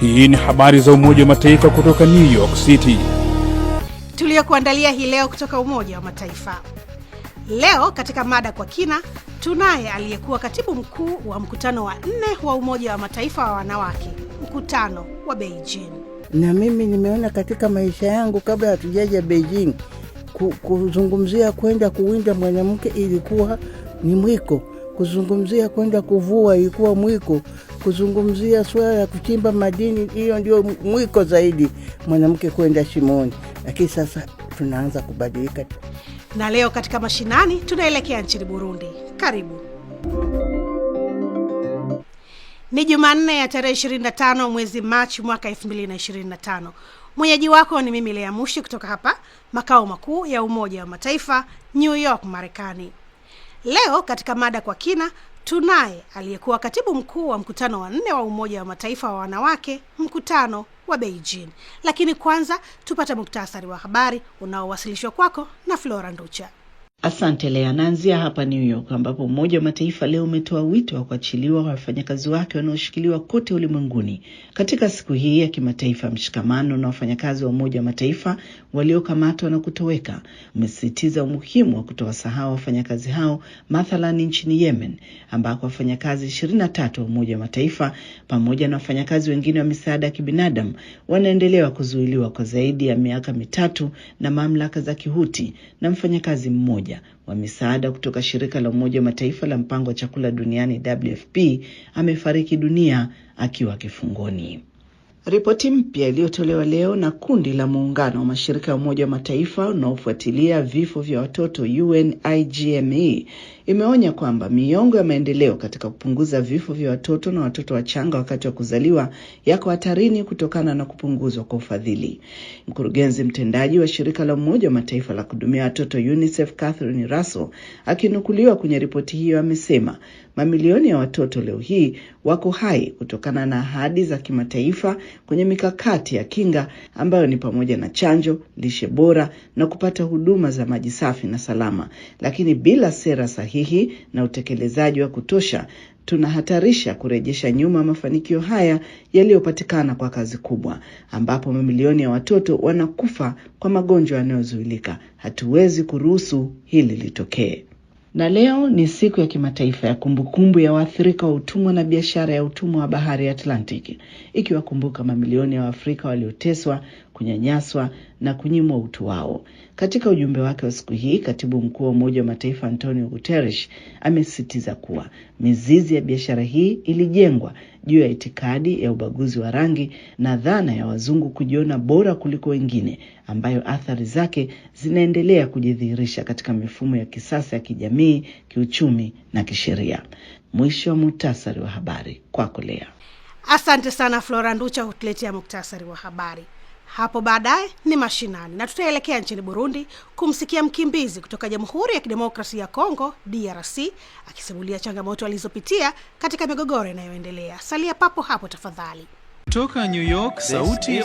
Hii ni habari za Umoja wa Mataifa kutoka New York City tuliyokuandalia hii leo kutoka Umoja wa Mataifa. Leo katika mada kwa kina, tunaye aliyekuwa katibu mkuu wa mkutano wa nne wa Umoja wa Mataifa wa wanawake, mkutano wa Beijing. Na mimi nimeona katika maisha yangu kabla hatujaja Beijing, kuzungumzia kwenda kuwinda mwanamke ilikuwa ni mwiko kuzungumzia kwenda kuvua ilikuwa mwiko, kuzungumzia swala ya kuchimba madini, hiyo ndio mwiko zaidi mwanamke kwenda shimoni. Lakini sasa tunaanza kubadilika, na leo katika mashinani tunaelekea nchini Burundi. Karibu. Ni Jumanne ya tarehe 25 mwezi Machi mwaka 225 Mwenyeji wako ni mimi Lea Mushi kutoka hapa makao makuu ya Umoja wa Mataifa New York, Marekani. Leo katika mada kwa kina tunaye aliyekuwa katibu mkuu wa mkutano wa nne wa Umoja wa Mataifa wa wanawake, mkutano wa Beijing. Lakini kwanza tupate muktasari wa habari unaowasilishwa kwako na Flora Nducha. Asante Lea, naanzia hapa New York ambapo Umoja wa Mataifa leo umetoa wito wa kuachiliwa kwa wafanyakazi wake wanaoshikiliwa kote ulimwenguni katika siku hii ya kimataifa ya mshikamano na wafanyakazi wa Umoja wa Mataifa waliokamatwa na kutoweka umesisitiza umuhimu wa kutowasahau wafanyakazi hao, mathalani nchini Yemen ambako wafanyakazi ishirini na tatu wa Umoja wa Mataifa pamoja na wafanyakazi wengine wa misaada ya kibinadamu wanaendelewa kuzuiliwa kwa zaidi ya miaka mitatu na mamlaka za Kihuti na mfanyakazi mmoja moja wa misaada kutoka shirika la Umoja wa Mataifa la mpango wa chakula duniani WFP amefariki dunia akiwa kifungoni. Ripoti mpya iliyotolewa leo na kundi la muungano wa mashirika ya Umoja wa Mataifa unaofuatilia vifo vya watoto UNIGME imeonya kwamba miongo ya maendeleo katika kupunguza vifo vya watoto na watoto wachanga wakati wa kuzaliwa yako hatarini kutokana na kupunguzwa kwa ufadhili. Mkurugenzi mtendaji wa shirika la Umoja wa Mataifa la kuhudumia watoto UNICEF Catherine Russell akinukuliwa kwenye ripoti hiyo amesema mamilioni ya watoto leo hii wako hai kutokana na ahadi za kimataifa kwenye mikakati ya kinga ambayo ni pamoja na chanjo, lishe bora na kupata huduma za maji safi na salama, lakini bila sera sahihi sahihi na utekelezaji wa kutosha, tunahatarisha kurejesha nyuma mafanikio haya yaliyopatikana kwa kazi kubwa, ambapo mamilioni ya watoto wanakufa kwa magonjwa yanayozuilika. Hatuwezi kuruhusu hili litokee. Na leo ni siku ya kimataifa ya kumbukumbu ya waathirika wa utumwa na biashara ya utumwa wa bahari ya Atlantiki, ikiwakumbuka mamilioni ya Waafrika walioteswa, kunyanyaswa na kunyimwa utu wao. Katika ujumbe wake wa siku hii, katibu mkuu wa Umoja wa Mataifa Antonio Guterres amesisitiza kuwa mizizi ya biashara hii ilijengwa juu ya itikadi ya ubaguzi wa rangi na dhana ya wazungu kujiona bora kuliko wengine, ambayo athari zake zinaendelea kujidhihirisha katika mifumo ya kisasa ya kijamii, kiuchumi na kisheria. Mwisho wa muhtasari wa habari. Kwako Lea. Asante sana Flora Nducha, hutuletea muktasari wa habari. Hapo baadaye ni mashinani na tutaelekea nchini Burundi kumsikia mkimbizi kutoka Jamhuri ya Kidemokrasia ya Kongo DRC akisimulia changamoto alizopitia katika migogoro inayoendelea. Salia papo hapo tafadhali. Kutoka New York, sauti ya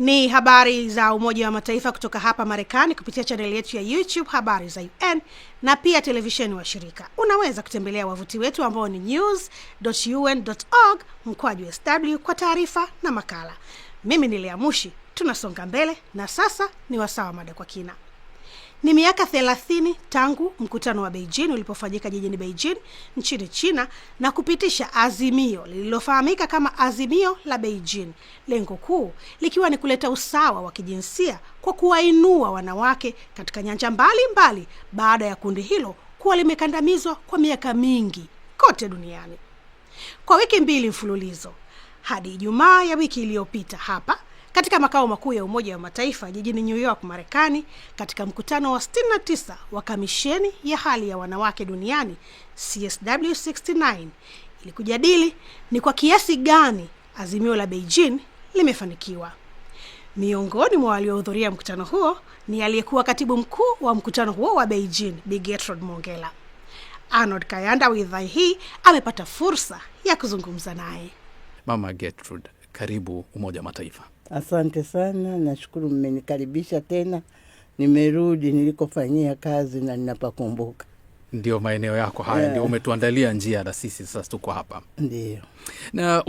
Ni habari za Umoja wa Mataifa kutoka hapa Marekani kupitia chaneli yetu ya YouTube Habari za UN na pia televisheni wa shirika. Unaweza kutembelea wavuti wetu ambao ni news.un.org mkwaju sw kwa taarifa na makala. Mimi ni leamushi Mushi, tunasonga mbele na sasa ni wasawa mada kwa kina. Ni miaka 30 tangu mkutano wa Beijing ulipofanyika jijini Beijing nchini China na kupitisha azimio lililofahamika kama azimio la Beijing, lengo kuu likiwa ni kuleta usawa wa kijinsia kwa kuwainua wanawake katika nyanja mbalimbali mbali, baada ya kundi hilo kuwa limekandamizwa kwa miaka mingi kote duniani. Kwa wiki mbili mfululizo hadi Ijumaa ya wiki iliyopita hapa katika makao makuu ya Umoja wa Mataifa jijini New York, Marekani, katika mkutano wa 69 wa Kamisheni ya Hali ya Wanawake Duniani CSW69 ili kujadili ni kwa kiasi gani azimio la Beijing limefanikiwa. Miongoni mwa waliohudhuria mkutano huo ni aliyekuwa katibu mkuu wa mkutano huo wa Beijing, Bi Gertrude Arnold Kayanda wa idhaa hii amepata fursa ya kuzungumza naye. Mama Gertrude, karibu Umoja wa Mataifa. Asante sana, nashukuru mmenikaribisha tena, nimerudi nilikofanyia kazi na ninapakumbuka. Ndio maeneo yako haya, yeah. Ndio umetuandalia njia na sisi sasa tuko hapa, ndio na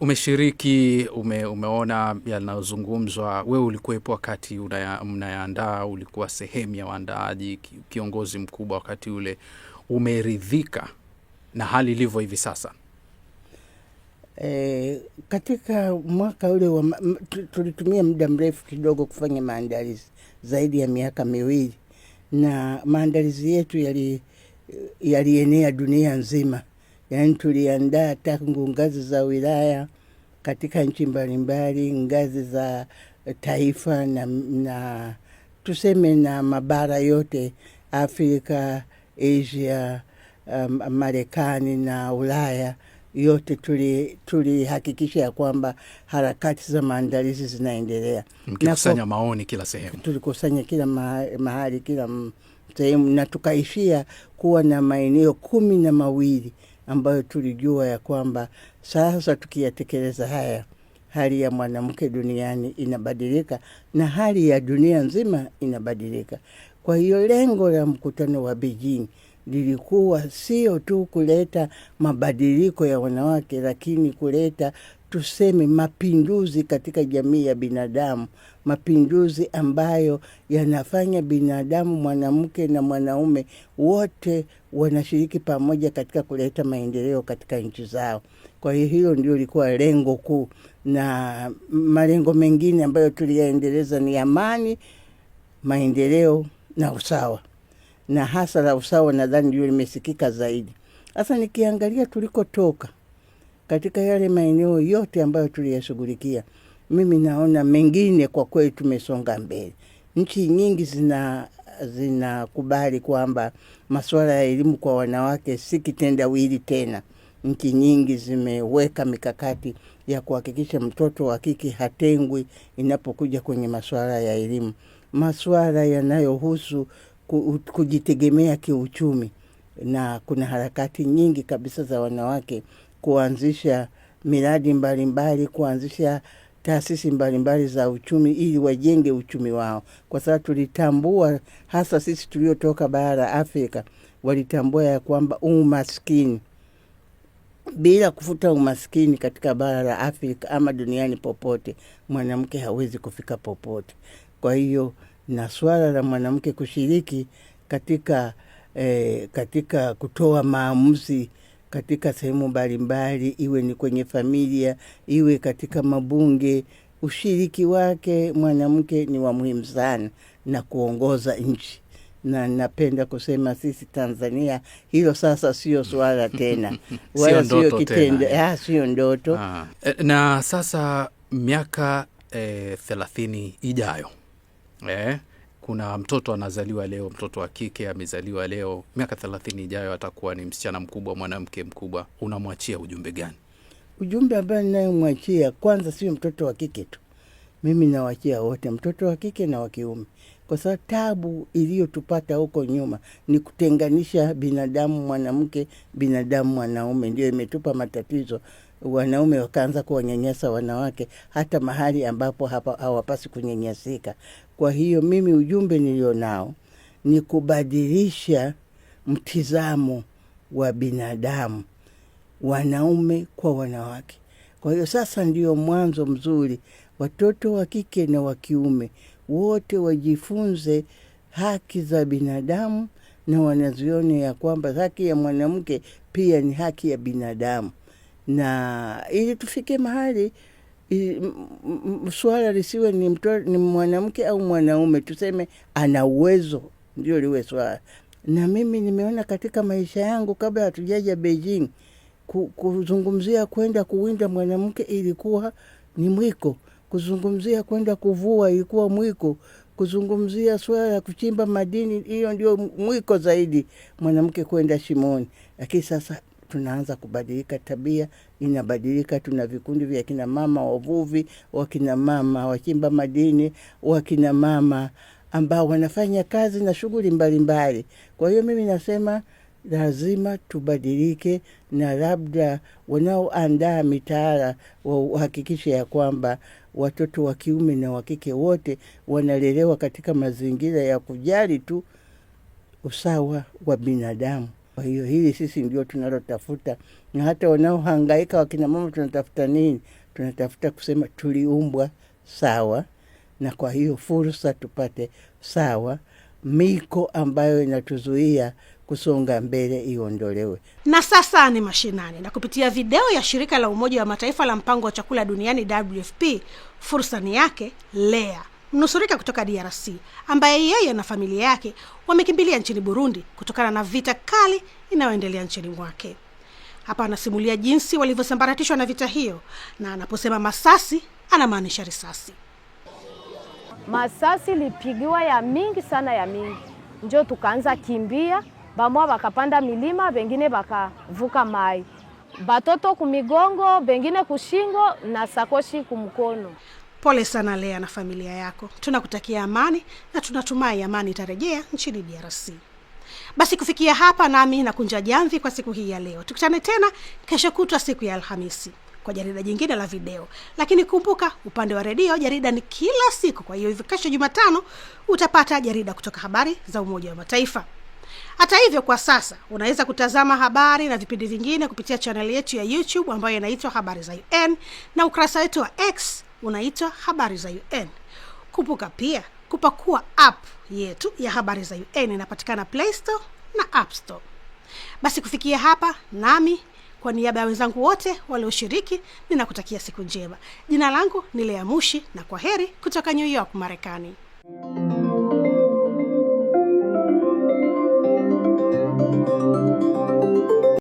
umeshiriki ume, ume umeona yanayozungumzwa. Wewe ulikuwepo wakati mnayaandaa, ulikuwa sehemu ya waandaaji, kiongozi mkubwa wakati ule. Umeridhika na hali ilivyo hivi sasa? E, katika mwaka ule wa tulitumia muda mrefu kidogo kufanya maandalizi zaidi ya miaka miwili, na maandalizi yetu yali yalienea dunia nzima. Yaani tuliandaa tangu ngazi za wilaya katika nchi mbalimbali, ngazi za taifa na, na tuseme na mabara yote Afrika, Asia, um, Marekani na Ulaya yote tulihakikisha tuli ya kwamba harakati za maandalizi zinaendelea. Mkikusanya maoni kila sehemu, tulikusanya kila mahali, kila sehemu, na tukaishia kuwa na maeneo kumi na mawili ambayo tulijua ya kwamba sasa tukiyatekeleza haya hali ya mwanamke duniani inabadilika na hali ya dunia nzima inabadilika. Kwa hiyo lengo la mkutano wa Beijing lilikuwa sio tu kuleta mabadiliko ya wanawake, lakini kuleta tuseme mapinduzi katika jamii ya binadamu, mapinduzi ambayo yanafanya binadamu, mwanamke na mwanaume wote wanashiriki pamoja katika kuleta maendeleo katika nchi zao. Kwa hiyo hilo ndio likuwa lengo kuu, na malengo mengine ambayo tuliyaendeleza ni amani, maendeleo na usawa na hasa la usawa, nadhani ndio limesikika zaidi. Sasa nikiangalia tulikotoka katika yale maeneo yote ambayo tuliyashughulikia, mimi naona mengine kwa kweli tumesonga mbele. Nchi nyingi zina zinakubali kwamba masuala ya elimu kwa wanawake si kitendawili tena. Nchi nyingi zimeweka mikakati ya kuhakikisha mtoto wa kike hatengwi inapokuja kwenye masuala ya elimu. Masuala yanayohusu kujitegemea kiuchumi, na kuna harakati nyingi kabisa za wanawake kuanzisha miradi mbalimbali mbali, kuanzisha taasisi mbalimbali za uchumi ili wajenge uchumi wao, kwa sababu tulitambua hasa sisi tuliotoka bara la Afrika walitambua ya kwamba umaskini bila kufuta umaskini katika bara la Afrika ama duniani popote, mwanamke hawezi kufika popote. Kwa hiyo na swala la mwanamke kushiriki katika eh, katika kutoa maamuzi katika sehemu mbalimbali, iwe ni kwenye familia, iwe katika mabunge. Ushiriki wake mwanamke ni wa muhimu sana na kuongoza nchi, na napenda kusema sisi Tanzania hilo sasa sio swala tena wala sio kitendo, ah, sio ndoto. Ah. Eh, na sasa miaka e, thelathini ijayo eh, kuna mtoto anazaliwa leo, mtoto wa kike amezaliwa leo, miaka thelathini ijayo atakuwa ni msichana mkubwa, mwanamke mkubwa, unamwachia ujumbe gani? Ujumbe ambayo ninayemwachia kwanza, sio mtoto wa kike tu, mimi nawachia wote, mtoto wa kike na wa kiume, kwa sababu tabu iliyotupata huko nyuma ni kutenganisha binadamu mwanamke, binadamu mwanaume, ndio imetupa matatizo wanaume wakaanza kuwanyanyasa wanawake hata mahali ambapo hawapasi kunyanyasika Kwa hiyo mimi ujumbe nilionao ni kubadilisha mtizamo wa binadamu, wanaume kwa wanawake. Kwa hiyo sasa ndio mwanzo mzuri, watoto wa kike na wa kiume wote wajifunze haki za binadamu na wanazione ya kwamba haki ya mwanamke pia ni haki ya binadamu na ili tufike mahali swala lisiwe ni, ni mwanamke au mwanaume, tuseme ana uwezo ndio liwe swala. Na mimi nimeona katika maisha yangu kabla hatujaja Beijing, kuzungumzia kwenda kuwinda mwanamke ilikuwa ni mwiko, kuzungumzia kwenda kuvua ilikuwa mwiko, kuzungumzia swala la kuchimba madini, hiyo ndio mwiko zaidi mwanamke kwenda shimoni. Lakini sasa tunaanza kubadilika, tabia inabadilika. Tuna vikundi vya kina mama wavuvi, wakina mama wachimba madini, wakina mama ambao wanafanya kazi na shughuli mbalimbali. Kwa hiyo mimi nasema lazima tubadilike, na labda wanaoandaa mitaala wahakikishe ya kwamba watoto wa kiume na wa kike wote wanalelewa katika mazingira ya kujali tu usawa wa binadamu. Kwa hiyo hili sisi ndio tunalotafuta, na hata wanaohangaika wakina mama tunatafuta nini? Tunatafuta kusema tuliumbwa sawa, na kwa hiyo fursa tupate sawa. Miko ambayo inatuzuia kusonga mbele iondolewe. Na sasa ni mashinani, na kupitia video ya shirika la Umoja wa Mataifa la mpango wa chakula duniani WFP, fursa ni yake lea mnusurika kutoka DRC ambaye yeye na familia yake wamekimbilia nchini Burundi kutokana na vita kali inayoendelea nchini mwake. Hapa anasimulia jinsi walivyosambaratishwa na vita hiyo, na anaposema masasi anamaanisha risasi. Masasi lipigiwa ya mingi sana, ya mingi njo tukaanza kimbia, bamwa bakapanda milima, bengine bakavuka mai, batoto kumigongo, bengine kushingo na sakoshi kumkono. Pole sana Lea na familia yako, tunakutakia amani na tunatumai amani itarejea nchini DRC. Basi kufikia hapa, nami na kunja jamvi kwa siku hii ya leo. Tukutane tena kesho kutwa, siku ya Alhamisi kwa jarida jingine la video, lakini kumbuka, upande wa redio jarida ni kila siku. Kwa hiyo hivi kesho Jumatano utapata jarida kutoka habari za Umoja wa Mataifa. Hata hivyo, kwa sasa unaweza kutazama habari na vipindi vingine kupitia chaneli yetu ya YouTube ambayo inaitwa Habari za UN na ukurasa wetu wa X unaitwa Habari za UN. Kumbuka pia kupakua app yetu ya Habari za UN, inapatikana Play Store na App Store. Basi kufikia hapa, nami kwa niaba ya wenzangu wote walioshiriki, ninakutakia siku njema. Jina langu ni Lea Mushi, na kwa heri kutoka New York, Marekani.